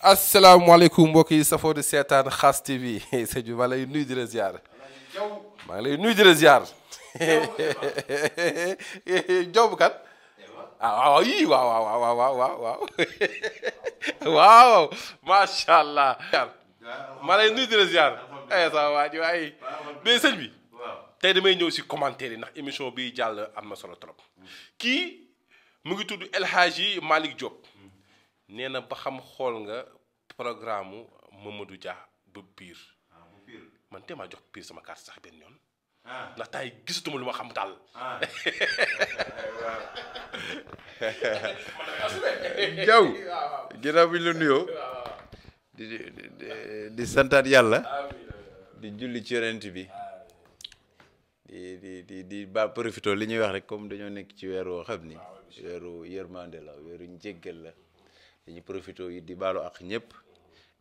asalaamaaleykum mbokk yi safoo di seetaan Xass TV sëñ bi maa lay nuyu di la ziar maa ngi lay nuyu ziar Diop kat ah waaw waaw waaw waaw waaw waaw waaw ziar eh ça va ji waaye mais sëñ bi tey damay ñëw si commentaire yi ndax émission bi jàll am na solo trop kii mu ngi tudd El Hadji Malick Diop. nee na ba xam xool nga programme mu Mamadou Dia ba biir. Ah, man te maa jox biir sama carte sax benn yoon. Ah. ndax tay gisatuma lu ma xam daal. Ah. jaw ginnaaw bi ñu la nuyoo. di di santaat yàlla. di julli ci yonent bi. di di di di ba li ñuy wax rek comme dañoo nekk ci weeru xam ni. weeru yërmande la weeru njéggal la. dañu profité it di baalu ak ñëpp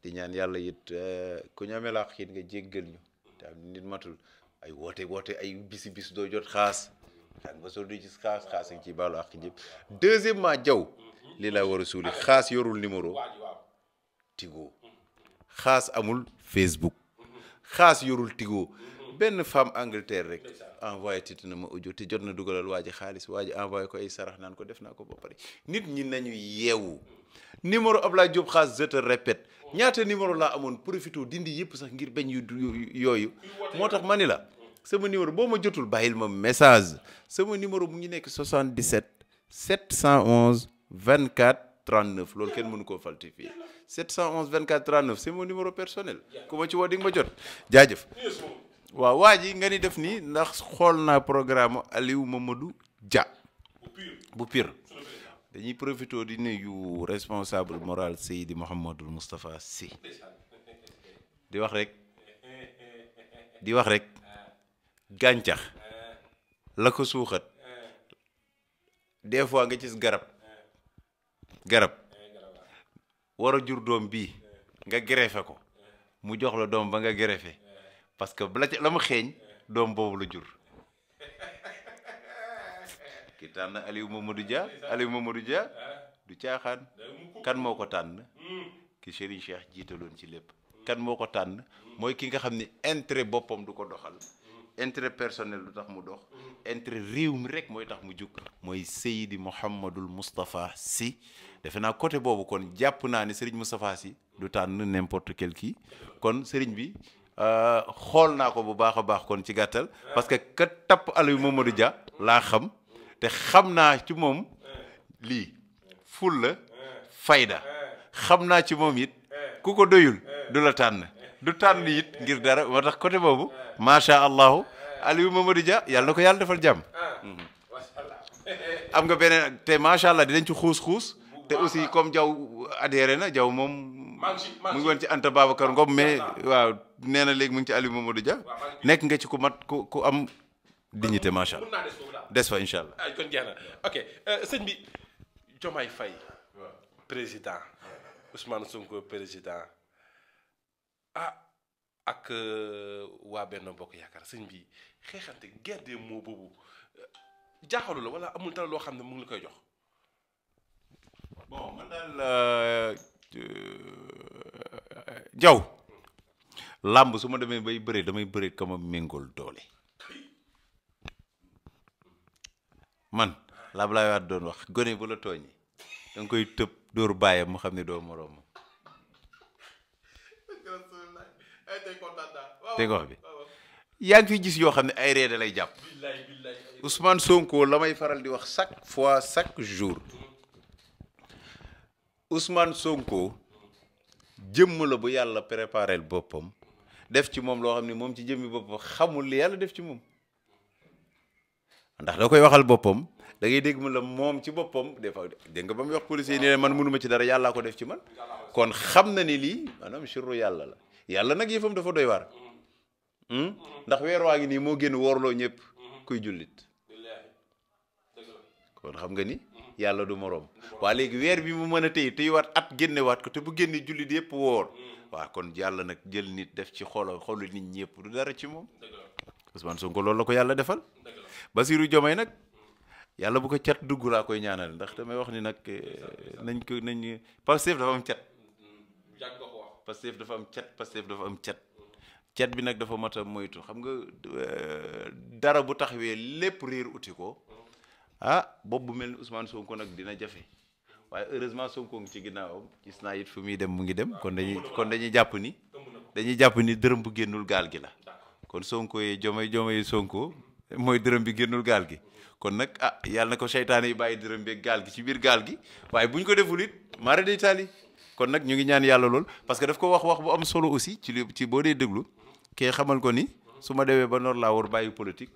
di ñaan yàlla it eh, ku ñu amee la ak it nga jéggal ñu te am nit matul ay woote woote ay bisi bis doo jot xaas daan ba soo du gis xaas xaas ngi ciy baalu ak ñëpp deuxièmement jaw lii lay war a suuli xaas yorul numéro Tigo xaas amul Facebook xaas yorul Tigo benn femme Angleterre rek envoyé tit na ma audio te jot na dugalal waa xaalis waa ji envoyé ko ay sarax naan ko def naa ko ba pare nit ñi nañu yeewu numéro Ablaye Diop Khass je te répète ñaata numéro laa amoon profité dindi yëpp sax ngir bañ yu yooyu moo tax ma ni la sama numéro boo ma jotul bàyyil ma message sama numéro mu ñu nekk 77 711 24 39 loolu kenn mënu koo falsifier 711 24 39 c'est mon numéro personnel ku ma ci woo di nga jot jaajëf waaw waa ji nga ni def nii ndax xool naa programme Aliou Mamadou Dia bu Pire dañuy profité di nuyu responsable moral Seydi Mouhamadul Moustapha si di wax rek di wax rek gàncax la ko suuxat des fois nga gis garab garab war a jur doom bii nga grefe ko mu jox la doom ba nga greffé parce que la la mu xeeñ doom boobu la jur ki tànn Aliou Mamadou Dia Aliou Mamadou Dia du caaxaan kan moo ko tànn ki Serigne Cheikh jiitaloon ci lépp kan moo ko tànn mooy ki nga xam ni intérêt boppam du ko doxal intérêt personnel du tax mu dox intérêt réew mi rek mooy tax mu jug mooy Seydi Mouhamadul Moustapha si defe naa côté boobu kon jàpp naa ne Serigne Moustapha Sy du tànn n'importe quel kii kon Serigne bi Euh, xool naa ko bu baax a baax kon ci gàttal parce que ka tapp Aliou Mamadou Dia laa xam te xam naa ci moom lii fulla fayda xam naa ci moom it ku ko doyul du la tànn du tànn it ngir dara moo tax côté boobu macha allahu Aliou Mamadou Dia yàlla na ko yàlla defal jàmm. am nga beneen te macha allah dinañ ci xuus xuus. te aussi comme jaw adhéré na jaw moom. mu ngi woon ci Anta Babacar Ngom mais waaw. nee na léegi mu ngi ci Aliou Mamadou Dia nekk nga ci ku mat ku ku am dignité macha allah des fa incha allah. ah kon jeex na ok euh, sëñ bi Diomaye Faye président Ousmane Sonko président ah, ak euh, waa benn bokk yaakaar sëñ bi xeexante guerre des boobu euh, jaaxalu la wala amul dara loo xam ne mu ngi koy jox. bon làmb su ma demee bay bëri damay bëri ka ma méngool doole man laa Ablaye doon wax gone bu la tooñi da koy tëb dóor bàyyam mu xam ne doo moroomam dégg wax bi yaa ngi fi gis yoo xam ne ay ree lay jàpp Ousmane Sonko la may faral di wax chaque fois chaque jour Ousmane Sonko jëmm la bu yàlla préparel boppam def ci moom loo xam ne moom ci jëmmi boppam xamul li yàlla def ci moom ndax da koy waxal boppam da ngay dégg mu la moom ci boppam des fois dégg nga ba mu wax policier yi ne man mënuma ci dara yàllaa ko def ci man kon xam na ni lii maanaam sirru yàlla la yàlla nag yëfam dafa doy waar hmm? ndax weer waa ngi nii moo génn woorloo ñëpp kuy jullit kon xam nga ni yàlla du moroom waa léegi weer bi mu mën a téye waat at génnewaat ko te bu génne jullit yëpp woor waaw kon yàlla nag jël nit def ci xolo xolu nit ñëpp du dara ci moom Ousmane Sonko loolu la ko yàlla defal Basiru Jomay nag yàlla bu ko cet dugg laa koy ñaanal ndax damay wax ni nag eh, nañ ko nañ Pastef dafa am cat Pastef dafa am cat Pastef dafa am cat cat bi nag dafa mat a moytu xam nga eh, dara bu taxawee lépp réer uti ko ah bopp bu mel ni Ousmane Sonko nag dina jafe waaye heureusement Sonko ngi ci ginnaawam gis naa it fu muy dem mu ngi dem kon dañuy kon dañuy jàpp ni dañuy jàpp ni dërëm bu génnul gaal gi la kon Sonko yee jomay jomay Sonko mooy dërëm bi génnul gaal gi kon nag ah yàlla na ko seytaane yi bàyyi dërëm beeg gaal gi ci biir gaal gi waaye bu ñu ko deful it mara day taali kon nag ñu ngi ñaan yàlla lool parce que daf ko wax wax bu am solo aussi ci li ci boo dee déglu kee xamal ko ni su ma demee ba noor laa war bàyyi politique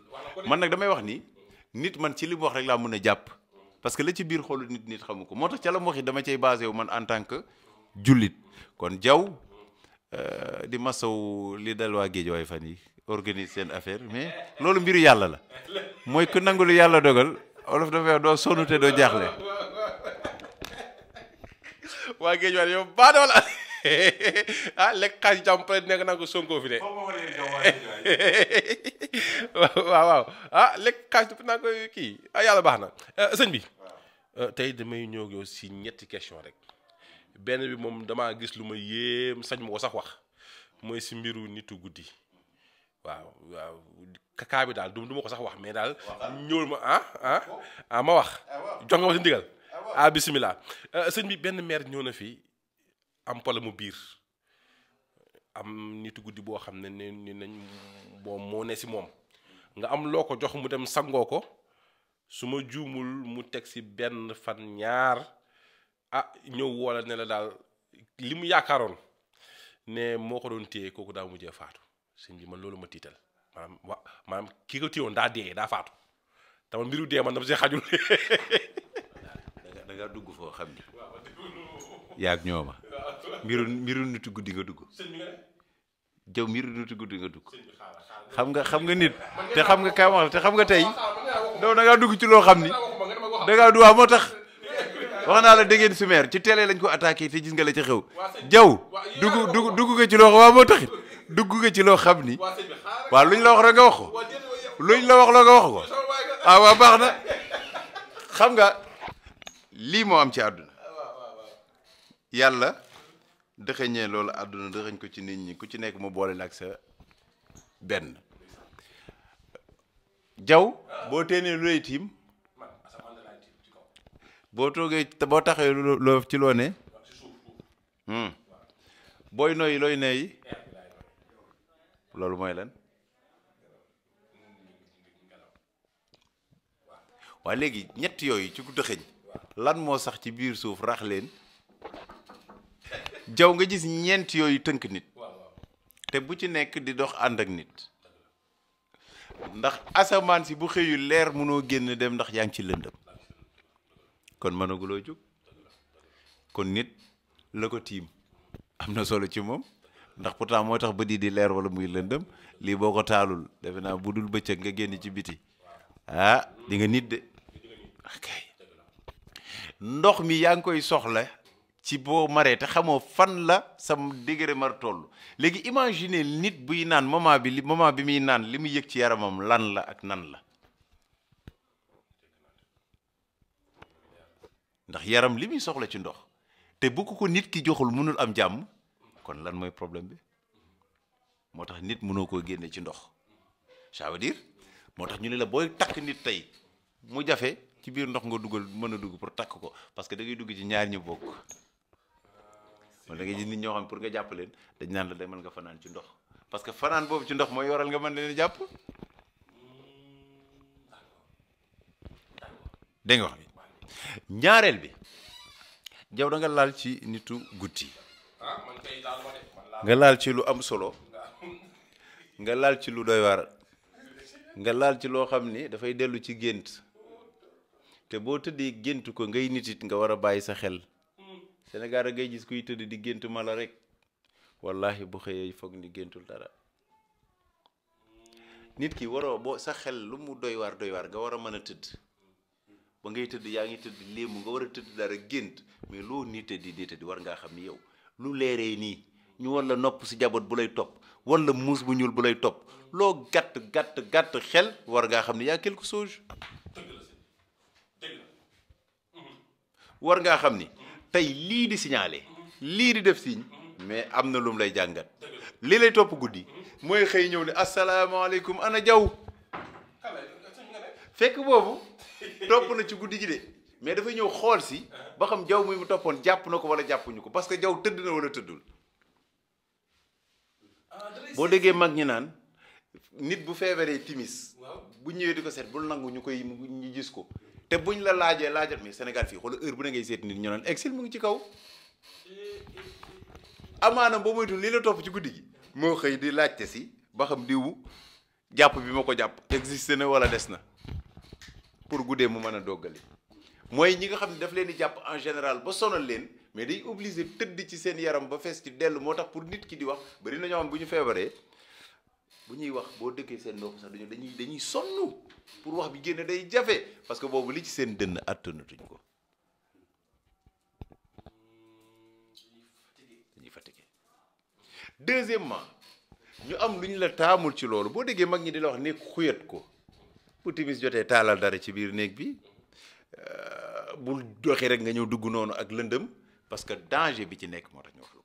man nag damay wax ni nit man ci li wax rek laa mën a jàpp parce que la ci biir xoolu nit nit xamu ko moo tax ca la mu wax yi dama cay basé man en tant que jullit kon jaw euh, di masaw li dal waa géej waay fan yi organise seen affaire mais loolu mbiru yàlla la mooy ku nangu lu yàlla dogal olof dafa doo sonn doo jaaxle waa géej waay yow baadool la ah lekk xaalis jàmm nekk naa ko Sonko fi de. waaw waaw ah lekk xaalis naa ko kii ah, yàlla baax na eh, sëñ bi. Eh, tey damay ñëw si ñetti question rek benn bi moom damaa gis lu ma yéem sañ ma ko sax wax mooy si mbiru nitu guddi waaw waaw kakaa daal du ma ko sax wax mais daal ñëwul ma ah ah, ah ma eh, wax jox nga ma si ndigal ah bisimilah sëñ bi benn maire ñëw na fii am problème mu biir am nitu guddi boo xam ne ne ni nañ boo moo ne si moom nga am loo ko jox mu dem sangoo ko su ma juumul mu teg si benn fan ñaar ah ñëw woola ne la daal li mu yaakaaroon ne moo ko doon téye kooku daa mujjee faatu sëñ bi man loolu ma tiital maanaam wa maanaam ki ko téyewoon daa dee daa faatu dama mbiru dee man dama see xajul yaag ñooma mbiru mbiru nitu guddi nga dugg jëw mbiru guddi nga dugg xam nga xam nga nit te xam nga kaay wax te xam nga tey non da ngaa dugg ci loo xam ni da ngaa duwaa moo tax wax naa la déggeen sumeer ci télé lañ ko attaqué te gis nga la ci xew jaw dugg dugg dugg ci loo moo taxit dugg nga ci loo xam ni waaw luñ la wax rek nga wax ko luñ la wax la nga wax ko ah waaw baax na xam nga lii moo am ci àdduna yàlla dëxëñee loolu àdduna dëxëñ ko ci nit ñi ku ci nekk mu boole la ak sa benn jaw boo teenee lu lay tiim boo toogee boo taxee loo ci loo ne hmm, booy noyyi looy neeyi loolu mooy lan waa léegi ñetti yooyu ci ku dëxëñ lan moo sax ci biir suuf rax leen jaw nga gis ñeent yooyu tënk nit te bu ci nekk di dox ànd ak nit ndax asamaan si bu xëyul leer mënoo génn dem ndax yaa ngi ci lëndëm kon mënaguloo jóg kon nit la ko tiim am na solo ci moom ndax pourtant moo tax ba di di leer wala muy lëndëm lii boo ko taalul defe naa bu dul bëccëg nga génn ci biti ah dinga nit de ndox mi yaa ngi koy soxla ci boo maree te xamoo fan la sam degré mar toll léegi imagine nit buy naan moment bi li moment bi muy naan li mu yëg ci yaramam lan la ak nan la ndax yaram li muy soxla ci ndox te bu ko ko nit ki joxul mënul am jàmm kon lan mooy problème bi moo tax nit mënoo koo génne ci ndox ça moo tax ñu ne la booy takk nit tey mu jafe ci biir ndox nga dugal mën a dugg pour takk ko parce que da dugg ci ñaar ñu bokk man da ngay gis pour nga jàpp dañ naan la demal nga fanaan ci ndox parce que fanaan boobu ci ndox mooy yoral nga mën leen jàpp. bi jaw da laal ci nitu guddi nga laal ci lu am solo nga laal ci lu doy war nga laal ci loo xam ni dafay dellu ci gént te boo tëddee gént ko ngay nitit nga war a bàyyi sa xel Sénégal da ngay gis kuy tëdd di gént mala rek wallahi bu xëyee foog ni géntul dara nit ki waroo boo sa xel lu mu doy waar doy waar nga war a mën a tëdd ba ngay tëdd yaa ngi tëdd léemu nga war a tëdd dara gént mais loo nite di di tëdd war ngaa xam ni yow lu leeree nii ñu war la nopp si jaboot bu lay topp war la muus bu ñuul bu lay topp loo gàtt gàtt gàtt xel war ngaa xam ni yaa quelque chose war ngaa xam ni tey lii di signalé lii di def signe mais am na lum lay jàngat li lay topp guddi mooy xëy ñëw ne asalaamaaleykum ana jaw fekk boobu topp na ci guddi gi de mais dafay ñëw xool si ba xam jaw muy mu toppoon jàpp na ko wala jàppuñu ko parce que jaw tëdd na wala tëddul boo déggee mag ñi naan nit bu feebaree timis bu ñëwee di ko seet bul nangu ñu koy ñu gis ko te buñ la laajee laajal mais Sénégal fii xool heure bu ne ngay seet nit ñu naan exil mu ngi ci kaw amaana boo moytu lii la topp ci guddi gi moo xëy di laajte si ba xam diwu jàpp bi ma ko jàpp existé na wala des na pour guddee mu mën a doggali mooy ñi nga xam ne daf leen di jàpp en général ba sonal leen mais day obligé tëdd ci seen yaram ba fees ci dellu moo tax pour nit ki di wax bari na ñoo bu ñu feebaree bu ñuy wax boo dëkkee seen ndox sax dañu dañuy dañuy sonn pour wax bi génn day jafe parce que boobu li ci seen dënn àttanatuñ ko dañuy fatigué deuxièmement ñu am lu ñu la taamul ci loolu boo déggee mag ñi di la wax nekk xuyét ko bu timis jotee taalal dara ci biir néeg bi euh, bul doxee rek nga ñëw dugg noonu ak lëndëm parce que danger bi ci nekk moo tax ñu wax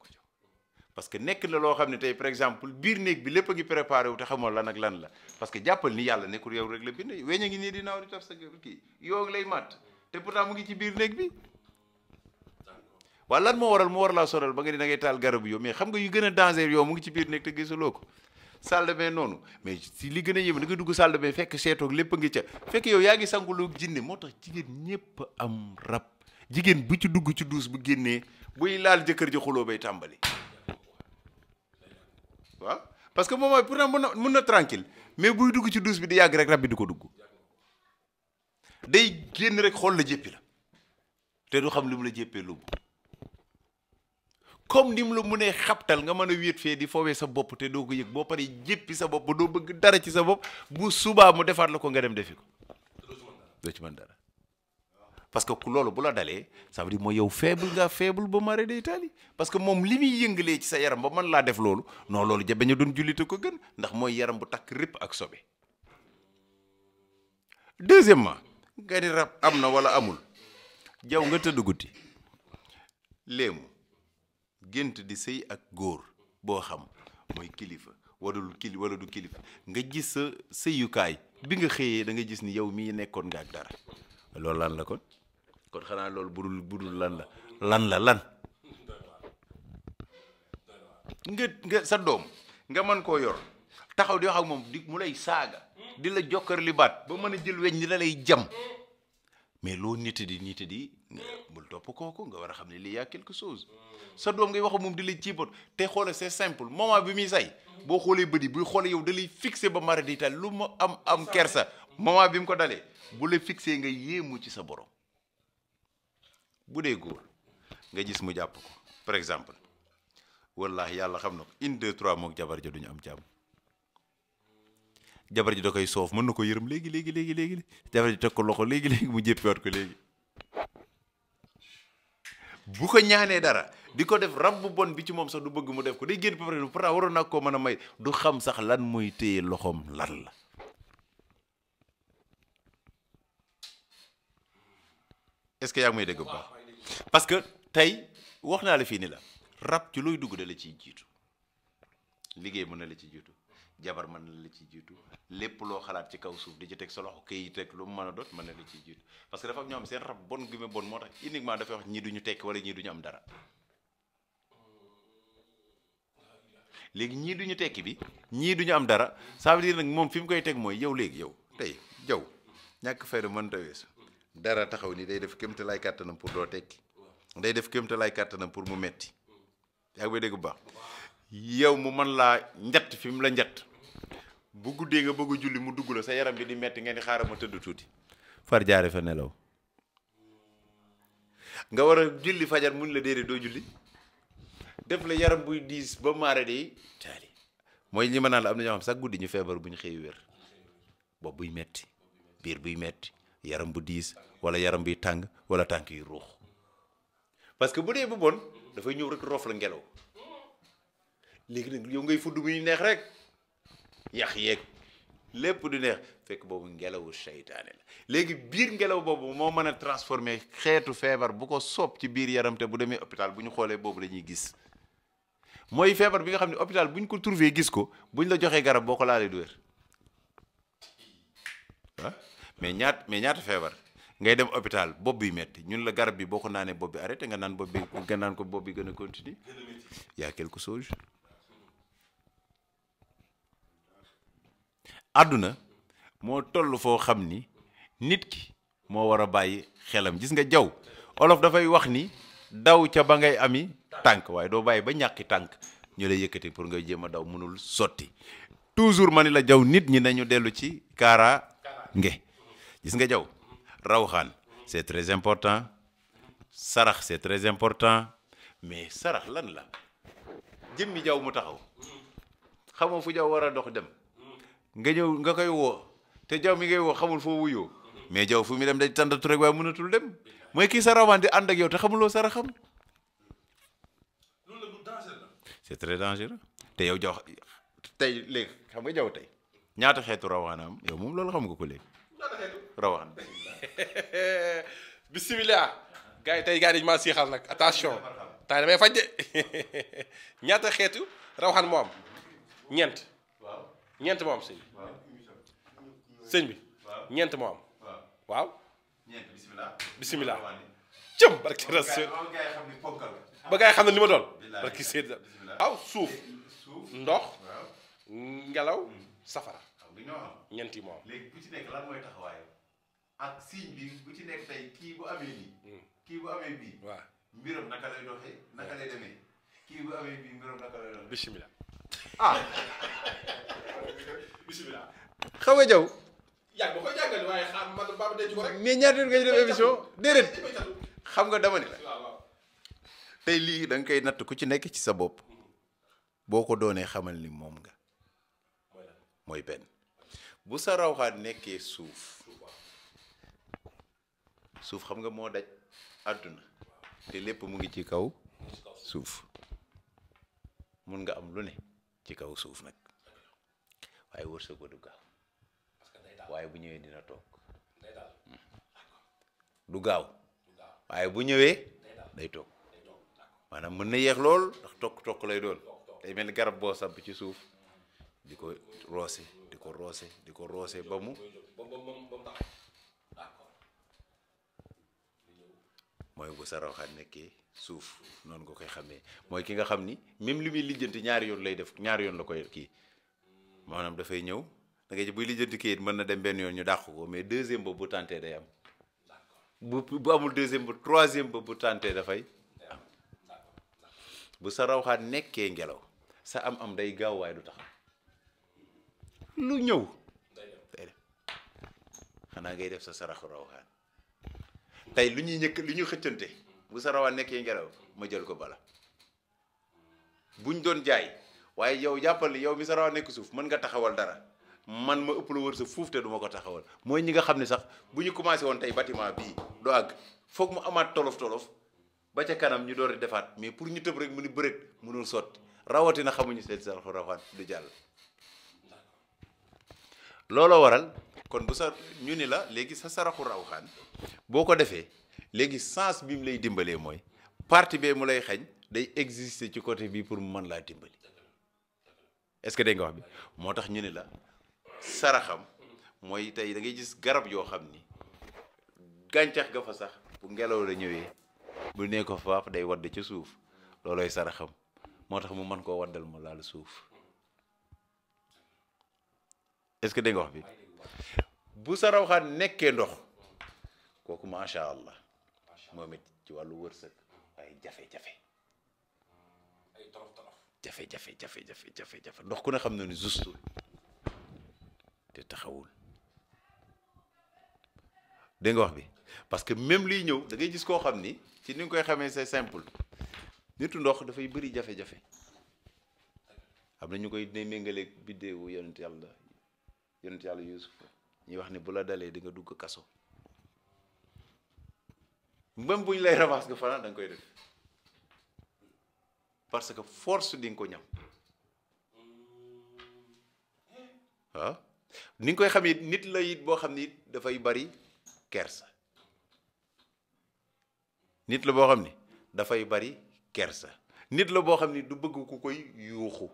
parce que nekk na loo xam ne tey par exemple biir néeg bi lépp a ngi préparé wu te xamoo lan ak lan la parce que jàppal ni yàlla nekkul yow rek la bind weñ a ngi nii di naaw di taf sa mu ngi ci biir néeg bi waaw lan moo waral mu war laa sonal ba nga di da ngay garab yow mais xam nga yu gën a danger yow mu ngi ci biir néeg te gisuloo ko salle noonu mais si li gën a yéeme da nga dugg salle de bain fekk seetoog lépp a ngi ca fekk yow yaa ngi sanguloo jinne moo tax jigéen ñépp am rab jigéen bu ci dugg ci duus bu génnee buy laal jëkkër ji xuloo bay tàmbali parce que moom mooy pour mën na mën na tranquille mais buy dugg ci douche bi di yàgg rek rab di ko dugg day génn rek xool la jéppi la te du xam li la jéppee lu comme ni mu la mënee xabtal nga mën a wéet fee di foowee sa bopp te doo ko yëg boo paree jéppi sa bopp ba doo bëgg dara ci sa bopp bu subaa mu defaat la ko nga dem defi ko mën dara parce que ku loolu bu la dalee ça veut mooy yow faible nga faible ba mare day taali parce que moom li muy yëngalee ci sa yaram ba man laa def loolu noo loolu ja bañ doon jullite ko gën ndax mooy yaram bu takk rip ak sobe deuxièmement nga ni rab am na wala amul jaw nga tëdd guddi léemu gént di sëy ak góor boo xam mooy kilifa wadul kili wala du kilifa nga gis sa sëyukaay bi nga xëyee da gis ni yow mii nekkoon nga ak dara loolu lan la kon kon xanaa loolu budul budul lan la lan la lan nga sa doom nga mën koo yor taxaw di wax ak moom di mu lay saaga di la jokkar li baat ba mën a jël weñ ni la lay jam mais loo nit di nit di bul topp kooku nga war a xam ne lii yaa quelque chose sa doom ngay wax moom di lay ciibat te xoole c'est simple moment bi muy say boo xoolee bët yi buy xoole yow da lay ba mara di lu ma am am kersa moment bi mu ko dalee bu la fixé nga mu ci sa borom bu dee góor nga gis mu jàpp ko par exemple wallahi yàlla xam na ko une deux trois mook jabar ja duñu am jàpp jabar ji da koy soof mën na ko yërëm léegi léegi léegi léegi jabar ji teg ko loxo léegi léegi mu jéppiwaat ko léegi bu ko ñaanee dara di ko def rab bu bon bi ci moom sax du bëgg mu def ko day génn pare pourtant waroon naa koo mën a may du xam sax lan mooy téye loxoom la est-ce que yaa dégg baax parce que tey wax naa la fii ni la rab ci looy dugg da ciy jiitu liggéey mën na la ci jiitu jabar mën na la ci jiitu lépp loo xalaat ci kaw suuf di ci teg sa loxo këyit rek lu mu a doot man na la ciy jiitu parce que dafa am ñoo xam seen rab bon gi mu bon moo tax uniquement dafay wax ñii ñu tekki wala ñii duñu am dara léegi ñii duñu tekki bi ñii duñu am dara ça veut nag moom fi mu koy teg mooy yow léegi yow tey jaw ñàkk fayda mën ta dara taxaw ni day def kémta lay kàttanam pour doo tekki day def kémta lay kàttanam pour mu metti yaa ngi dégg bu baax yow mu man laa njatt fi mu la njatt bu guddee nga bëgg a julli mu dugg la sa yaram bi di metti ngeen di xaaral ma tëdd tuuti far jaare fa nelaw nga war a julli fajar mun la déedéet doo julli def la yaram buy diis ba maare de taali mooy li ma naan la am na ñoo xam sax guddi ñu feebar bu ñu xëy wér bopp buy metti biir buy metti yaram bu diis wala yaram buy tàng wala tànk yu ruux parce que bu dee bu bon dafay ñëw rek roof la ngelaw léegi nag yow ngay fudd muy neex rek yax yeeg lépp du neex fekk boobu ngelawu seytaane la léegi biir ngelaw boobu moo mën a transformé xeetu feebar bu ko soob ci biir yaram te bu demee hôpital bu ñu xoolee boobu la ñuy gis mooy feebar bi nga xam ne hôpital bu ñu ko trouvé gis ko bu ñu la joxee garab boo ko laalee du wér mais ñaat mais ñaata feebar ngay dem hôpital bopp bi metti ñun la garab bi boo ko naanee bopp bi arrêté nga naan bopp bi nga naan ko bopp bi gën a continuer y a quelque chose àdduna moo toll foo xam ni nit ki moo war a bàyyi xelam gis nga jaw olof dafay wax ni daw ca ba ngay ami tànk waaye doo bàyyi ba ñàkki tànk ñu la yëkkati pour nga jéem a daw mënul sotti toujours ma ni la jaw nit ñi nañu dellu ci kaara nge gis nga jaw rawxaan c'est très important sarax c'est très important mais sarax lan la jëmmi jaw mu taxaw xamoo fu jaw war a dox dem nga ñëw nga koy woo te jaw mi ngay woo xamul foo wuyoo mais jaw fu mu dem day tàndatu rek waaye mënatul dem mooy kii sa rawaan di ànd ak yow te xamuloo saraxam c'est très dangereux te yow jaw tey léegi xam nga jaw tey ñaata xeetu rawaanaam yow moom loolu xam nga ko léegi rawaan bisimilah gars yi tey gars yi dañu maa siixal nag attention tay damay faj de ñaata xeetu rawaan moo am ñeent ñeent moo am sëñ bi ñeent moo waaw bisimilah cëm barki rasul ba gars yi xam ne li ma doon waaw suuf ndox ngelaw mm. safara ñoo am. ñeenti léegi bu ci nekk lan mooy taxawaayam ak signe bi bu ci nekk tey kii bu amee lii. Hmm. kii bu amee bii. waaw mbiram naka lay doxee naka hmm. lay naka lay doxee. bisimilah. ah. bisimilah. xam jaw. yaa xam nga déedéet. xam nga dama ne la. tey lii da nga koy natt ku ci nekk ci sa bopp. Hmm. boo ko doonee xamal ni moom nga. mooy benn. bu sa rawxaan nekkee suuf suuf xam nga moo daj àdduna te lépp mu ngi ci kaw suuf mun nga am lu ne ci kaw suuf nag waaye wërsëg du waaye bu ñëwee dina toog du gaaw waaye bu ñëwee day toog maanaam mën na yeex lool ndax tokk tokk lay doon day mel ni garab boo sab ci suuf di ko roose ko roose di ko roose ba mu mooy bu sa rawxaan nekkee suuf noonu nga koy xamee mooy ki nga xam ni même li muy lijjanti ñaari yoon lay def ñaari yoon la koy kii maanaam dafay ñëw da ngay buy lijjanti kayit mën na dem benn yoon ñu dàq ko mais deuxième ba bu day am bu bu amul ba troisième ba bu tantee dafay bu sa rawxaat nekkee ngelaw sa am am day gaaw waaye du taxaw lu ñëw day xanaa ngay def sa saraxu rawaan tey lu ñuy ñëkk lu ñuy xëccante bu sa rawaan nekkee ngelaw ma jël ko bala buñ doon jaay waaye yow jàppal yow mi sa rawaan nekk suuf mën nga taxawal dara man ma ëpp la wër sa fuuf te du ko taxawal mooy ñi nga xam ne sax bu ñu commencé woon tey bâtiment bii du àgg foog mu amaat tolof tolof ba ca kanam ñu door di defaat mais pour ñu tëb rek mu ni bërët mënul sot rawatina xamuñu seen saraxu rawaan du jàll looloo waral kon bu sa ñu ni la léegi sa saraxu rawxaan boo ko defee léegi sens bi mu lay dimbalee mooy parti bee mu lay xañ day exister ci côté bi pour mu man laa dimbali est-ce que dégg nga wax bi moo tax ñu ni la saraxam mooy tey da ngay gis garab yoo xam ni gàncax ga fa sax bu ngelaw la ñëwee bu ne ko faaf day wadd ci suuf loolooy saraxam moo tax mu mën koo waddal ma laal suuf est-ce que dégg nga wax bi bu sa rawxaan nekkee ndox kooku macha allah moom it ci wàllu wërsëg ay jafe-jafe ay torof jafe-jafe jafe-jafe jafe ndox ku ne xam na ni juste te taxawul dégg nga wax bi parce que même liy ñëw da gis koo xam ni ci ni nga koy xamee sa simple nitu ndox dafay bëri jafe-jafe xam na ñu koy ne méngaleeg biddéewu yonent yàlla yonent yàlla ñuy wax ne bu la dalee di nga dugg kaso mbëm bu ñu lay rabaas nga fanaan da koy def parce que force di ko ñam waaw ah? ni nga koy xam nit la it boo xam ni dafay bari kersa nit la boo xam ni dafay bari kersa nit la boo xam ni du bëgg ku koy yuuxu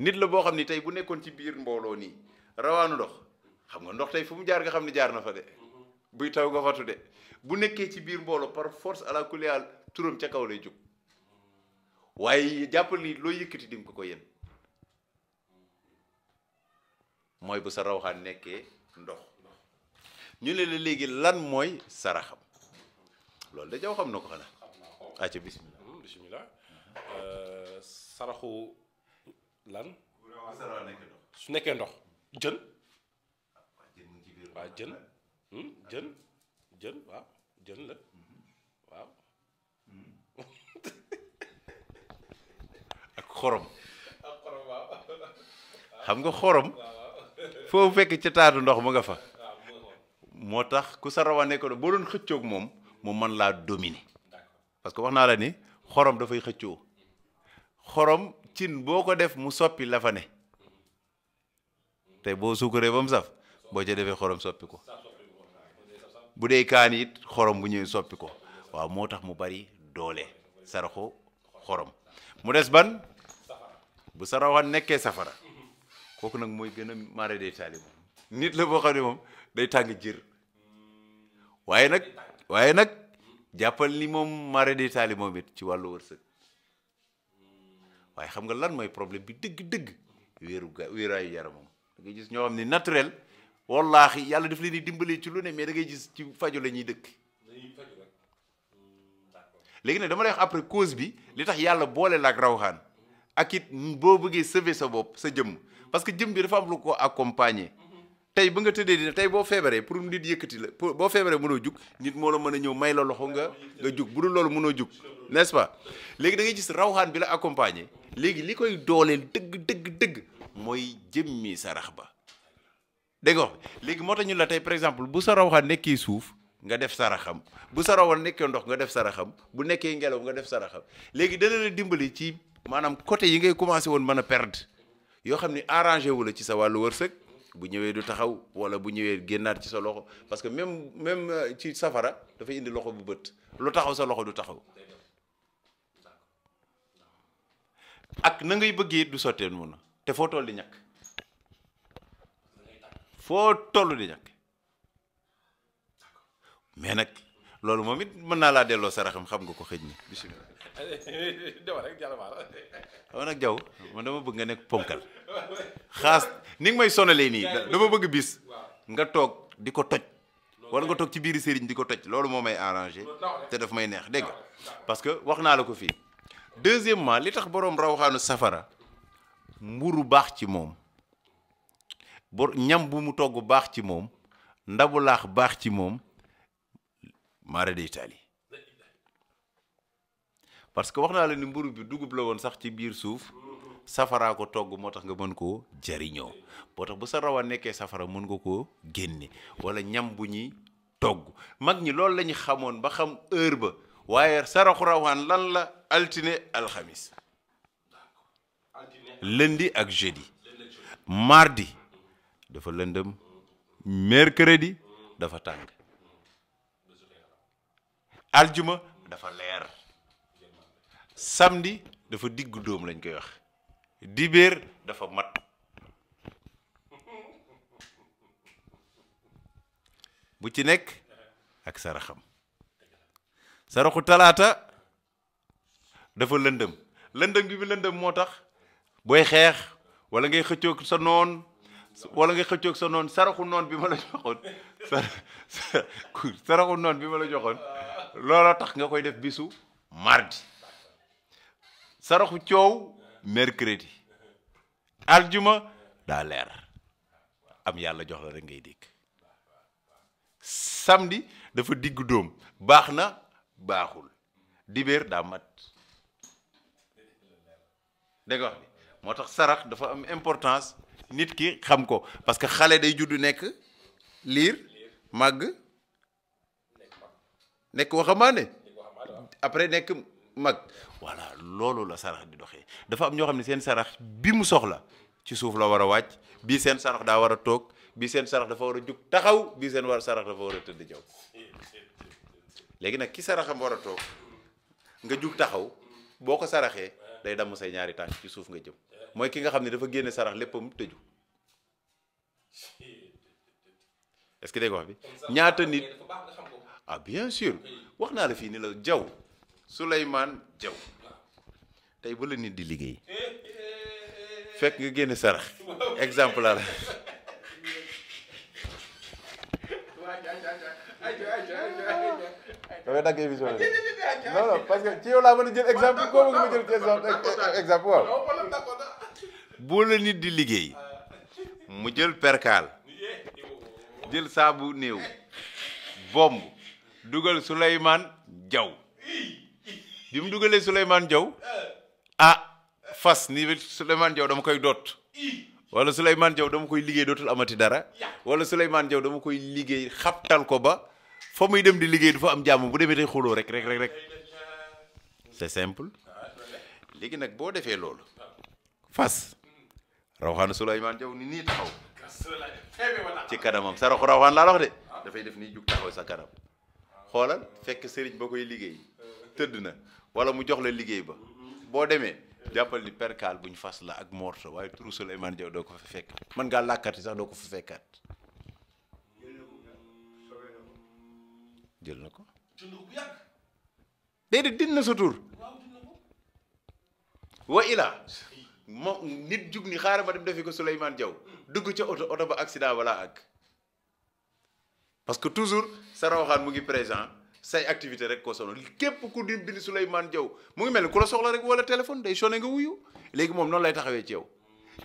nit la boo xam ni tey bu nekkoon ci biir mbooloo nii rawaanu ndox xam nga ndox tey fu mu jaar nga xam ne jaar na fa de buy taw nga fatu de bu nekkee ci biir mbooloo par force à la turam ca kaw lay jóg waaye jàppal ni loo yëkkati di ko ko yéen mooy bu sa rawxaan nekkee ndox ñu ne la léegi lan mooy saraxam loolu da jaw xam na ko xanaa acca bismillah hmm, bismillah euh, saraxu lan. su nekkee ndox jën. waaw jën hmm? jën jën waaw jën la mm-hmm. ak xorom. xam nga xorom. foo fekk ca taatu ndox mu nga fa. moo tax ku sa rawa nekk boo doon xëccoog moom mu man laa dominer. parce que wax naa la ni xorom dafay xëccoo. xorom cin boo ko def mu soppi lafane te boo suukaree ba mu saf boo ca defee xorom soppi ko bu dee kaan it xorom bu ñëwee soppi ko waaw moo tax mu bari doole saraxu xorom mu des ban bu saraxoon nekkee safara kooku nag mooy gën a mare day taali nit la boo xam ne moom day tàng jër waaye nag waaye nag jàppal ni moom mare day taali ci wàllu wërsëg waaye xam nga lan mooy problème bi dëgg-dëgg wéeru ga wéeraayu yaramam moom ngay gis ñoo xam ne naturel wallaahi yàlla def leen di dimbalee ci lu ne mais dangay ngay gis ci fajo la ñuy dëkk hmm, léegi nag dama lay wax après cause bi li tax yàlla boole la ak rawxaan ak it boo bëggee sauver sa bopp sa jëmm parce que jëm bi dafa am lu ko accompagner tey ba nga tëddee di tey boo feebaree pour nit yëkkati la pour boo feebaree mënoo jug nit moo la mën a ñëw may la loxo nga nga jug bu dul loolu mënoo jug n'est-ce pas léegi da ngay gis rawxaan bi la accompagner léegi li koy dooleel dëgg dëgg dëgg mooy jëmmi sarax ba dégg nga léegi moo tax ñu la tey par exemple bu sa rawxaan nekkee suuf nga def saraxam bu sa rawxaan nekkee ndox nga def saraxam bu nekkee ngelaw nga def saraxam léegi dana la dimbali ci maanaam côté yi ngay commencé woon mën a perd yoo xam ne arrangé wu la ci sa wàllu wërsëg bu ñëwee du taxaw wala bu ñëwee génnaat ci sa loxo parce que même même euh, ci safara dafay indi loxo bu bët lu taxaw sa loxo du taxaw ak na ngay bëggee du sottee noonu te foo toll di ñàkk foo tollu di ñàkk mais nag loolu moom it mën naa laa delloo saraxam xam nga ko xëj ni bismillah dama rek xam nag Diaw man dama bëgg nga nekk ponkal xaas ni nga may sonalee nii dama bëgg bis nga toog di ko toj wala nga toog ci biir sëriñ di ko toj loolu moo may arrangé te daf may neex dégg nga parce que wax naa la ko fii deuxièmement li tax boroom raw rawxaanu safara mburu baax ci moom bor ñam bu mu togg baax ci moom ndabu laax baax ci moom maara day taali parce que wax naa la ni mburu bi dugub la woon sax ci biir suuf safaraa ko togg moo tax nga mën koo jariñoo moo tax bu sa rawa nekkee safara mën nga koo génne wala ñam bu ñuy togg mag ñi loolu lañu xamoon ba xam heure ba waaye saraxu rawaan lan la altine alxamis lundi ak jeudi mardi dafa lëndëm mercredi dafa tàng aljuma dafa leer samedi dafa diggu dóom lañ koy wax dibéer dafa mat bu ci nekk ak saraxam saraxu talaata dafa lëndëm lëndëm bi bi lëndëm moo tax booy xeex wala ngay xëccoog sa noon wala ngay xëccoog sa noon saraxu noon bi ma la joxoon noon bi ma la looloo tax nga koy def bisu mardi saraxu coow mercredi aljuma daa leer am yàlla jox la rek ngay dégg samedi dafa diggu dóom baax na baaxul dibéer daa mat dégg wax moo tax sarax dafa am importance nit ki xam ko parce que xale day juddu nekk liir màgg nekk waxambaane après nekk mag voilà loolu la sarax di doxe dafa am ñoo xam ne seen sarax bi mu soxla ci suuf la war a wàcc bii seen sarax daa war a toog bii seen sarax dafa war a jug taxaw bii seen war sarax dafa war a tëdd jaw léegi nag ki saraxam war a toog nga jug taxaw boo ko saraxee day damm say ñaari tànk ci suuf nga jëm mooy ki nga xam ne dafa génne sarax léppam tëju est-ce que dégg wax bi ñaata nit ah bien sûr wax naa la fii ni la jaw Souleymane Diaw tey ba la nit di liggéey fekk nga génn sarax exemple la damay dagg émission ci yow laa mën a jël exemple koo bëgg ma jël exemple exemple waaw la nit di liggéey mu jël perkaal jël saabu néew bomb dugal Souleymane Diaw bi mu dugalee Souleymane jaw eh. ah fas nii Souleymane Diaw dama koy doot wala Souleymane Diaw dama koy liggéey dootul amati dara wala Souleymane Diaw dama koy liggéey xaptal ko ba foo muy dem di liggéey du fa am jàmm bu demee day xuloo rek rek rek rek c'est simple léegi nag boo defee loolu fas rawaxaanu Souleymane Diaw ni nii taxaw ci kanamam sa raxu rawaxaan laa wax de dafay def nii jug taxaw sa kanam xoolal fekk sëriñ ba koy liggéey tëdd na wala mu jox la liggéey ba boo demee jàppal ni perkaal bu ñu fas la ak morto waaye turu Souleymane Diaw doo ko fa fekk mën ngaa ko fa fekkaat jël na ko déedéet dina sa tur wa moom nit jug ni xaaral ma dem defi ko Souleymane Diaw dugg ca oto oto ba accident balaa ak parce que toujours sa rawaxaan mu ngi présent say activité rek ko sonal képp ku di bind Souleymane Diaw mu ngi mel ni ku la soxla rek wala téléphone day sonné nga wuyu léegi moom noonu lay taxawee ci yow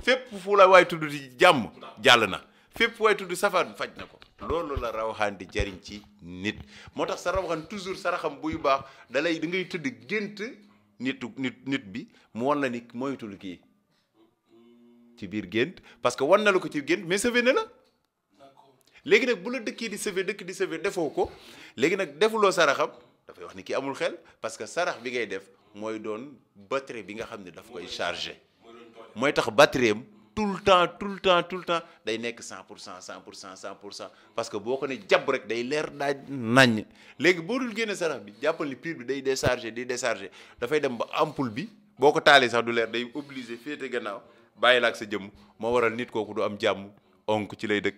fépp fu la waay tudd di jàmm jàll na fépp waay tudd safaan faj na ko loolu la rawaxaan di jariñ ci nit moo tax sa rawaxaan toujours sa raxam buy baax dalay da ngay tëdd gént nitu nit nit bi mu wan la ni moytul kii ci biir gént parce que wan na la ko ci gént mais sa na la léegi nag bu la dëkkee di sauver dëkk di sauver defoo ko léegi nag defuloo saraxam dafay wax ni kii amul xel parce que sarax bi ngay def mooy doon batterie bi nga xam ne daf koy chargé mooy tax batterie am tout le temps tout le temps tout le temps day nekk 100 pour cent 100 pour cent 100 pour cent parce que boo ko ne jàpp rek day leer daaj naññ léegi boo dul génne sarax bi jàppal ni pile bi day déchargé di déchargé dafay dem ba ampoule bi boo ko taalee sax du leer day obligé féete gannaaw bàyyi la ak sa jëmm moo waral nit kooku du am jàmm onk ci lay dëkk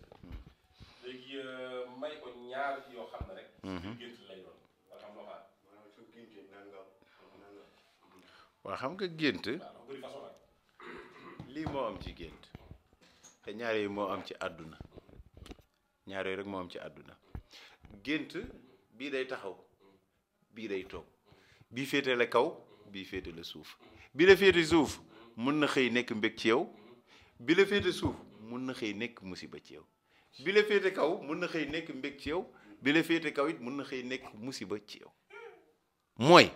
léegi euh, may mhm. xam nga gént. lii moo am ci gént. te ñaar moo am ci àdduna. ñaar yooyu rek moo am ci àdduna. gént bii day taxaw. bii day toog. bii féete kaw. bii féete suuf. bi la féete suuf. mun na xëy nekk mbég ci yow. bi la féete suuf mun na xëy nekk musiba ci yow. bi la kaw mën na xëy nekk mbég ci yow bi la kaw it mën na xëy nekk musiba ci yow mooy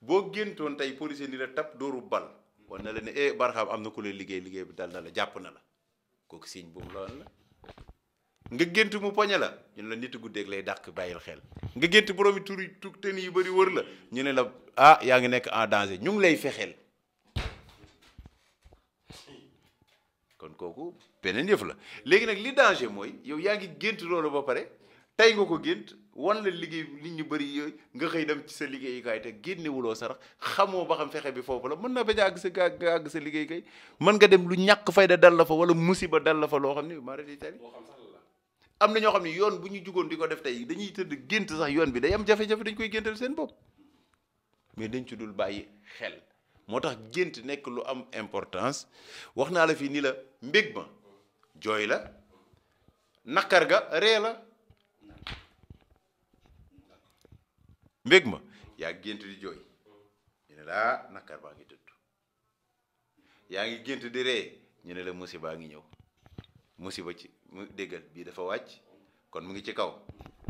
boo géntoon tey policier ni la tap dooru bal war na la ne eh barxaam am na ku lay liggéey liggéey bi dal na la jàpp na la kooku signe boobu la la nga gént mu poñe la ñu la nit guddeeg lay dàq bàyyil xel nga gént boroomi tur yi tuk ten bari wër la ñu ne la ah yaa ngi nekk en danger ñu ngi lay fexeel kon kooku beneen yëf la léegi nag li danger mooy yow yaa ngi gént loolu ba pare tey nga ko gént wan la liggéey nit ñu bëri yooyu nga xëy dem ci sa liggéeyukaay te génnewuloo sarax xamoo ba xam fexe bi foofu la mën na ba a àgg sa nga àgg liggéey kay mën nga dem lu ñàkk fayda dal la fa wala musiba dal la fa loo xam ne maa redi tali am na ñoo xam ne yoon bu ñu jugoon di ko def tey dañuy tëdd gént sax yoon bi day am jafe-jafe dañ koy géntal seen bopp dañ ci dul bàyyi xel moo tax gént nekk lu am importance wax naa la fii ni la mbég ma jooy la nakkar ga ree la mbég ma yaa gént di jooy ñu ne laa ah, nakkar baa ngi tëdd yaa ngi gént di ree ñu ne la musiba baa ngi ñëw musiba ci mu déggal bii dafa wàcc kon mu ngi ci kaw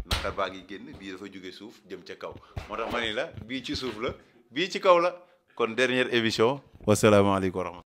naqar baa ngi génn bii dafa jóge suuf jëm ca kaw moo tax ma ni la bii ci suuf la bii ci kaw la kon dernière émission wasalaamaaleykum wa rahmatulah